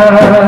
Ah,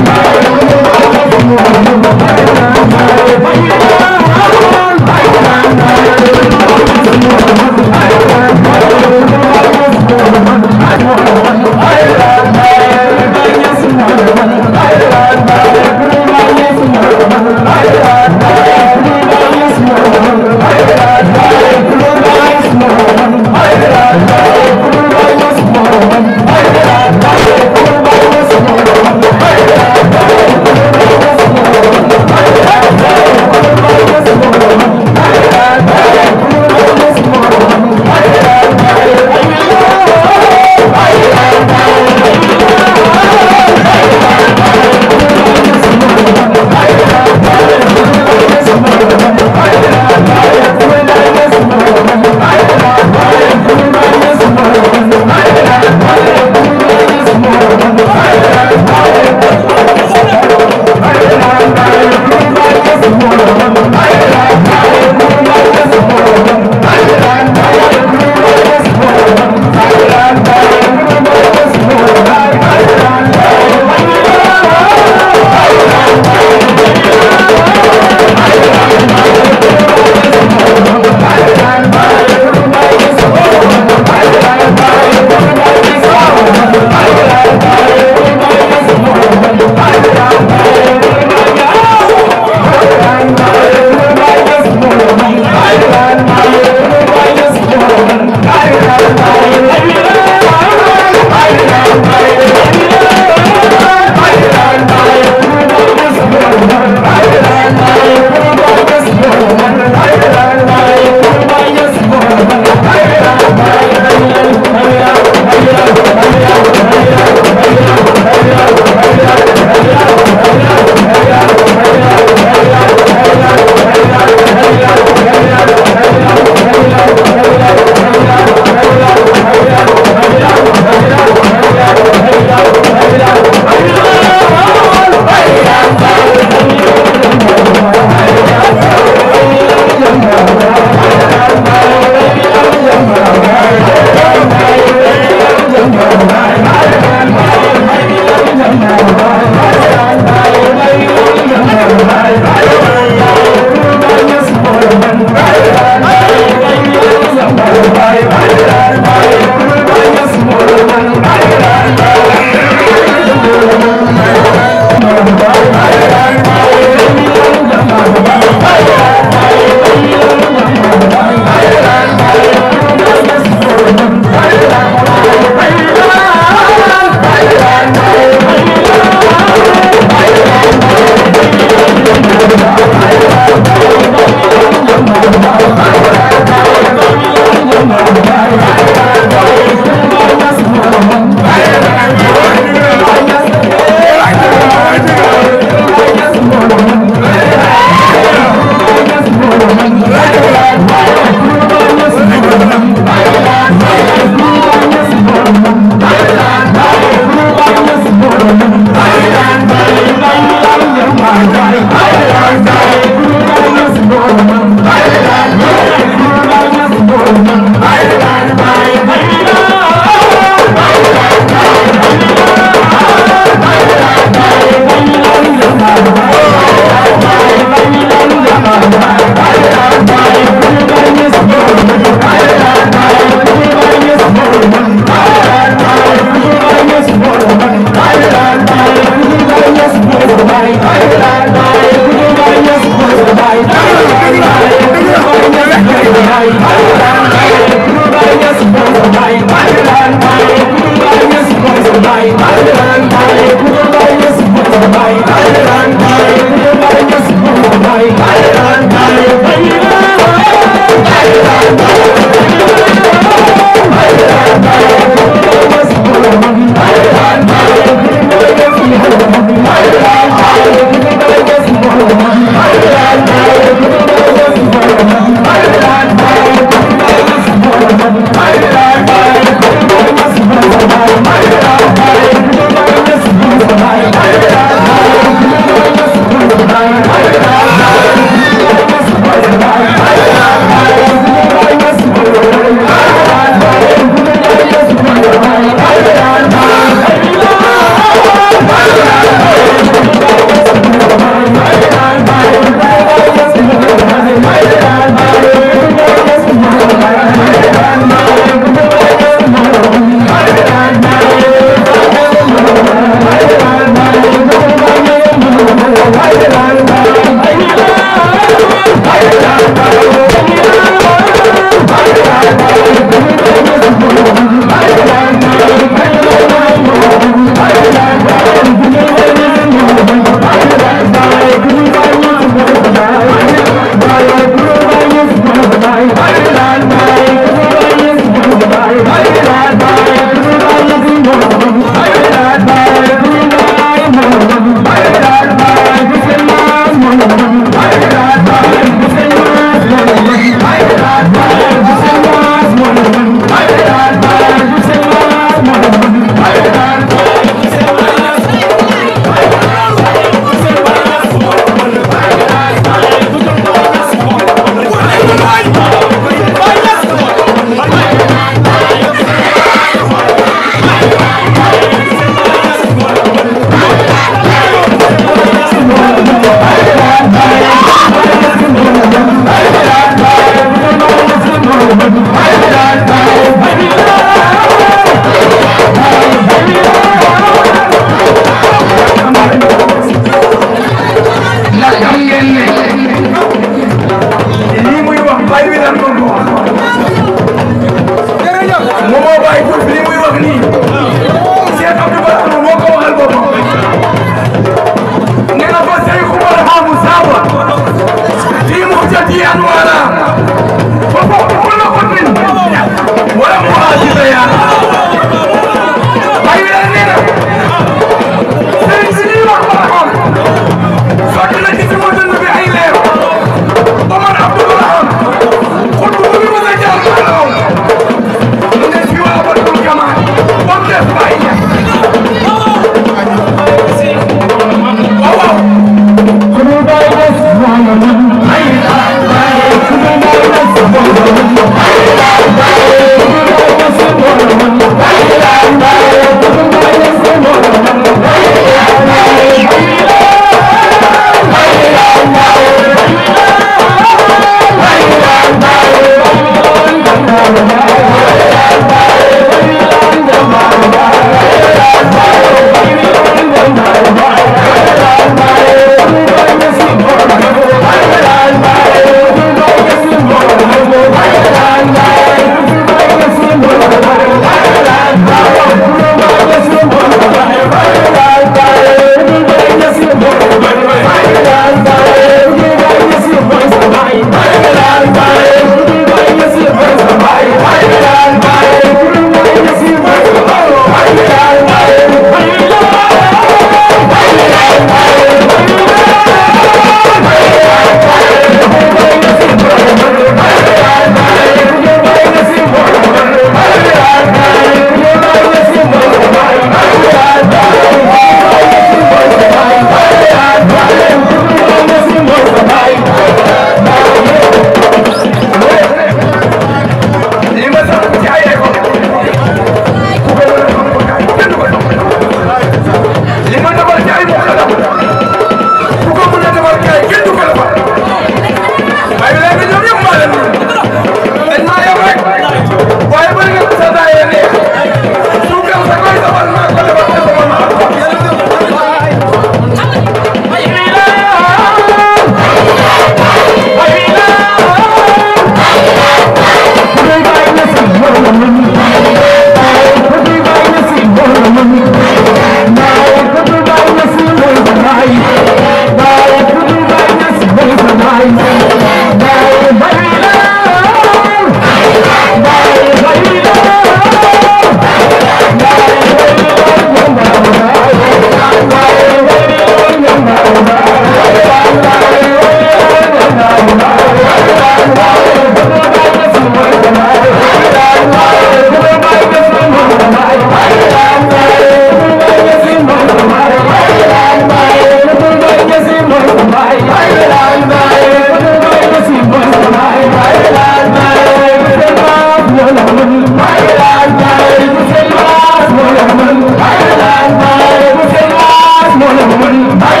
ভাই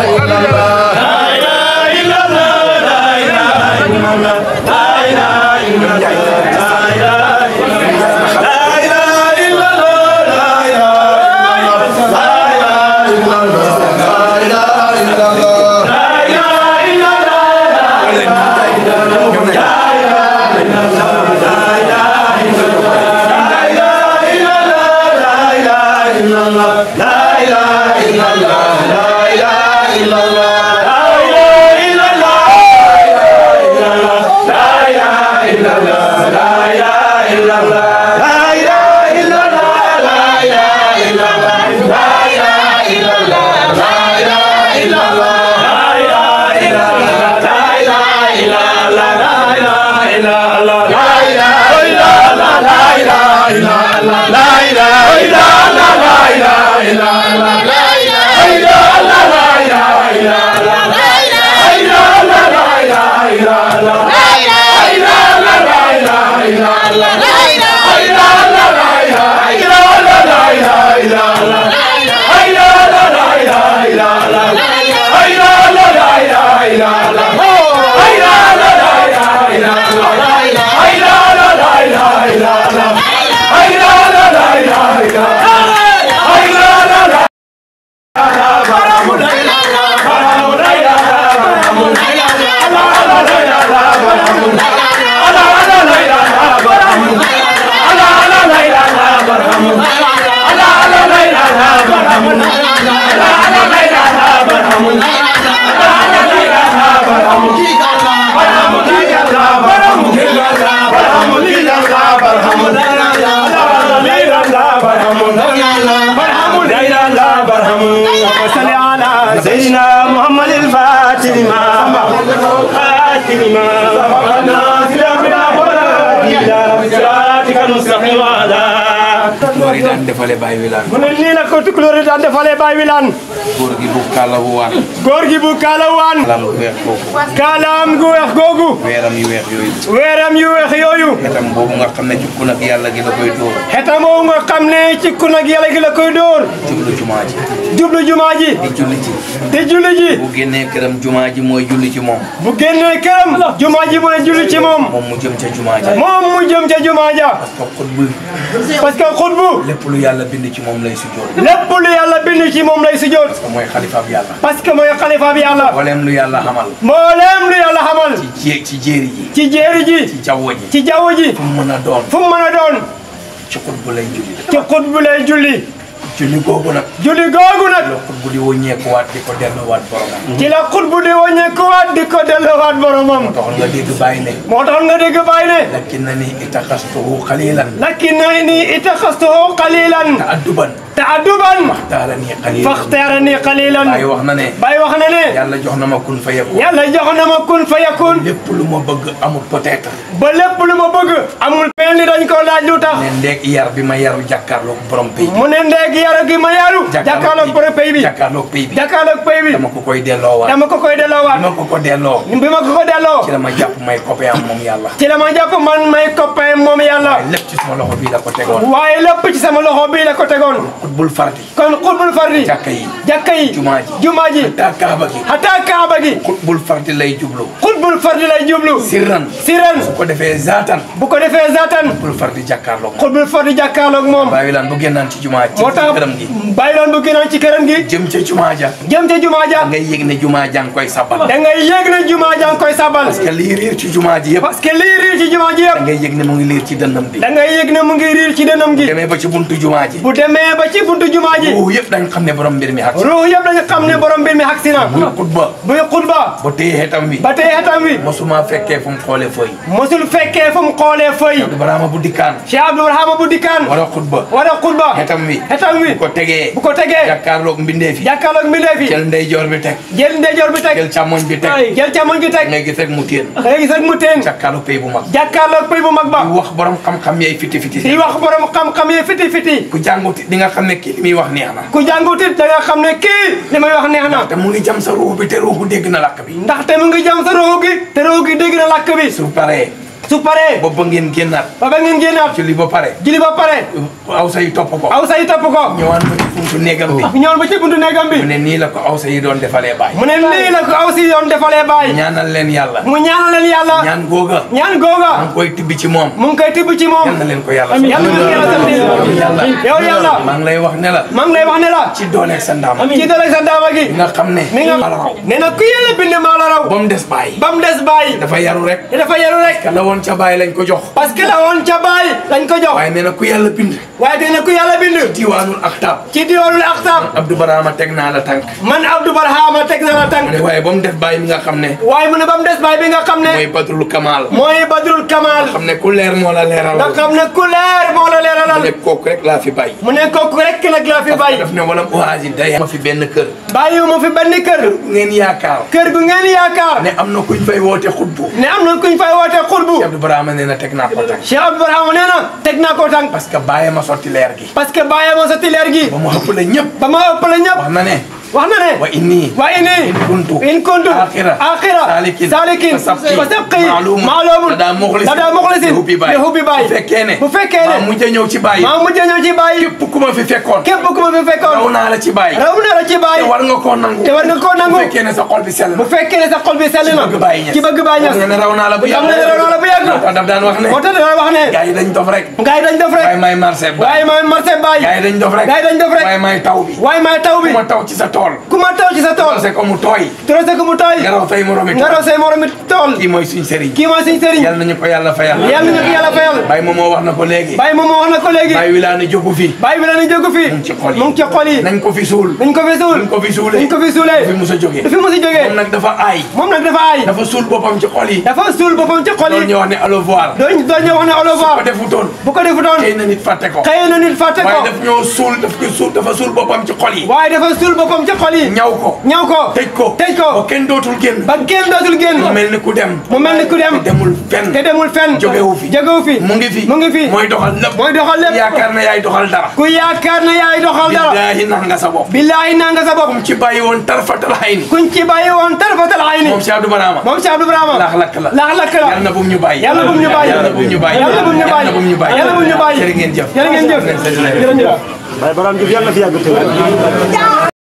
Ay, Baye Wilane. góor gi bu kàlla bu waat. gi bu kalawaan kalam gu weex googu weeram yu weex ya, yooyu weeram yu weex ya, yooyu xetam boobu nga xam ne ci kun ak yàlla iya gi la koy dóor xetam boobu nga xam ci kun ak yàlla iya gi la koy dóor jublu jumaa ji jublu jumaa ji di julli ji di julli ji bu génnee këram jumaa ji mooy julli ci moom bu génnee këram jumaa ji mooy julli ci moom moom mu jëm ca jumaa ja moom mu jëm ca jumaa ja parce que xutbu lépp lu yàlla bind ci moom lay sujjoot lépp lu yàlla bind ci moom lay sujjoot parce que mooy xalifa yàlla parce que mooy xalifa kilifam yàlla. mboolem lu yàlla xamal. mboolem lu yàlla xamal. ci jé ci jéeri ji. ci jéeri jaww ji. ci jaww ji. fu mu mën a doon. fu mu a doon. ci xutbu lay julli. ci xutbu lay julli. julli googu nag. julli googu nag. la xutbu di wëññeekuwaat di ko di wëññeekuwaat di ko boromam. moo taxoon nga dégg bàyyi moo taxoon nga dégg bàyyi ne. lakkin na ni itaxastuhu qalilan. lakkin na ni itaxastuhu qalilan. ta'adduban. تعدبا فاختارني قليلا فاختارني wax na ne baay wax na ne yàlla jox ma kun fa yakun yàlla jox fa yakun lépp lu ma bëgg amul peut ba lépp lu ma bëgg amul mel ni dañ ko laaj lu tax mu ne ndeeg bi ma yaru jàkkaarloog borom pays bi mu ne ndeeg yar gi ma yaru jàkkaarloog borom pays bi jàkkaarloog pays bi jàkkaarloog pays bi dama ko koy delloowaat dama ko koy delloowaat bi ma ko ko delloo bi ma ko ko delloo ci la ma jàpp may copain am moom yàlla ci la ma jàpp man may copain moom yàlla waaye lépp ci sama loxo bii la ko tegoon xutbul fardi kon xutbul fardi jàkka yi jàkka yi jumaa bu ko defee zaatan bu ko defee zaatan xutbul fardi jàkkaarloog xutbul fardi jàkkaarloog moom bàyyi laan bu génnaan ci jumaa ji moo tax këram gi bàyyi laan bu génnaan ci këram gi jëm ca jumaa ja jëm ci jumaa ji yëpp parce yëg ne mu ngi riir ci dënnam gi demee ba ci buntu jumaa ji bu demee ba ba ci buntu jumaa ji ruux yëpp dañ xam ne borom mbir mi xag ruux yëpp dañ xam ne borom mbir mi xag si na buy xutba buy xutba ba téye xetam wi ba téye xetam wi mosuma fekkee fu mu xoolee fooy mosul fekkee fu mu xoolee fooy Abdou Barhama bu dikkaan Cheikh Abdou Barhama bu dikkaan war a xutba war a xutba xetam wi xetam wi bu ko tegee bu ko tegee jàkkaarloog mbindee fi jàkkaarloog mbindee fi jël ndeyjoor bi teg jël ndeyjoor bi teg jël càmmoñ bi teg jël càmmoñ bi teg léegi rek mu téen léegi rek mu téen jàkkaarloog pay bu mag jàkkaarloog pay bu mag ba di wax borom xam-xam yee fiti fiti di wax borom xam-xam yee fiti fiti ku jàngut di nga xam ne kii li wax neex na ku jàngut it da nga xam ne kii li muy wax neex na ndaxte mu ngi jam sa ruux bi te ruux bi dégg na làkk bi ndaxte mu ngi jam sa ruux gi te ruux gi dégg na làkk bi su paree su paree. boobu ba ngeen génnaat. ba ba ngeen génnaat. julli ba pare. julli ba pare. awsa yi topp ko. awsa yi topp ko. ñëwaan ba ci buntu néegam bi. ñëwaan ba ci buntu néegam bi. mu ne nii la ko awsa yi doon defalee baay. mu ne nii la ko awsa yi doon defalee baay. ñaanal leen yàlla. mu ñaanal leen yàlla. ñaan googa. ñaan googa. mu ngi koy tibb ci moom. mu koy tibb ci moom. yàlla leen ko yàlla. amiin yàlla maa ngi lay wax ne la. maa ngi lay wax ne la. ci dooleeg sa ndaama. amiin ci dooleeg sa ndaama gi. ne. ni nga nee na ku yàlla bind maa la raw. ba mu des des baay. dafa woon ca baay lañ ko jox. parce que la woon ca baay lañ ko jox. waaye nee na ku yàlla bind. waaye nee na ku yàlla bind. diwaanul aktaab. ci diwaanul aktaab. Abdou Barhama teg naa la tànk. man Abdou Barhama teg naa la tànk. waaye ba mu def baay bi nga xam ne. waaye mu ne ba mu des baay bi nga xam ne. mooy Badrul Kamal. mooy Badrul Kamal. nga xam ne ku leer moo la leeralal. nga xam ne ku leer moo la leeralal. mu ne kooku rek laa fi bàyyi. mu ne kooku rek nag laa fi bàyyi. daf ne wala oasis day ma fi benn kër. bàyyi ma fi benn kër. ngeen yaakaar. kër gu ngeen yaakaar. ne am na kuñ fay woote xutbu. ne am na kuñ fay woote xutbu. Cheikh Abdou Barama nee na teg naa ko tàng. Cheikh Abdou Barama nee na teg naa ko tàng. parce que bàyyi ma sotti leer gi. parce que bàyyi ma sotti leer gi. ba ma ëppale ñëpp. ba ma ëppale ñëpp. wax na ne. wax na ne. wa inni. wa inni. in baay. li hubbi baay. a ñëw ci baay. maa mujj a baay. ku ma fi fekkoon. képp koo nangu. te war nga koo nangu. fekkee naa la bu yàgg. xam nga ne raw naa la bu yàgg. taw bi. waaye maay taw bi. ku ma tool ku ci sa tool trosé mu tooy trosé ko mu tooy nga raw say moromi nga raw kii mooy suñ kii mooy suñ sëriñ yal nañu ko yàlla fayal yal nañu ko yàlla fayal Baye moom moo wax na ko léegi Baye moom wax na ko léegi Baye Wilane jógu fi Baye Wilane jógu fi mu ngi ci mu ngi ci dafa suul boppam ci xol dafa suul boppam ci xol dafa suul boppam ci xol yi dafa suul boppam joxoli ñaw ko ñaw ba ku dem ku dem demul te demul fi fi ngi fi ngi fi doxal lépp doxal lépp na yaay doxal dara ku na yaay doxal dara sa sa ci bàyyi ayni ci bàyyi ayni Abdou Barama Abdou Barama la la bu ñu bàyyi bu ñu bàyyi bu ñu bàyyi bu ñu bàyyi bu ñu bàyyi bu ñu bàyyi yàlla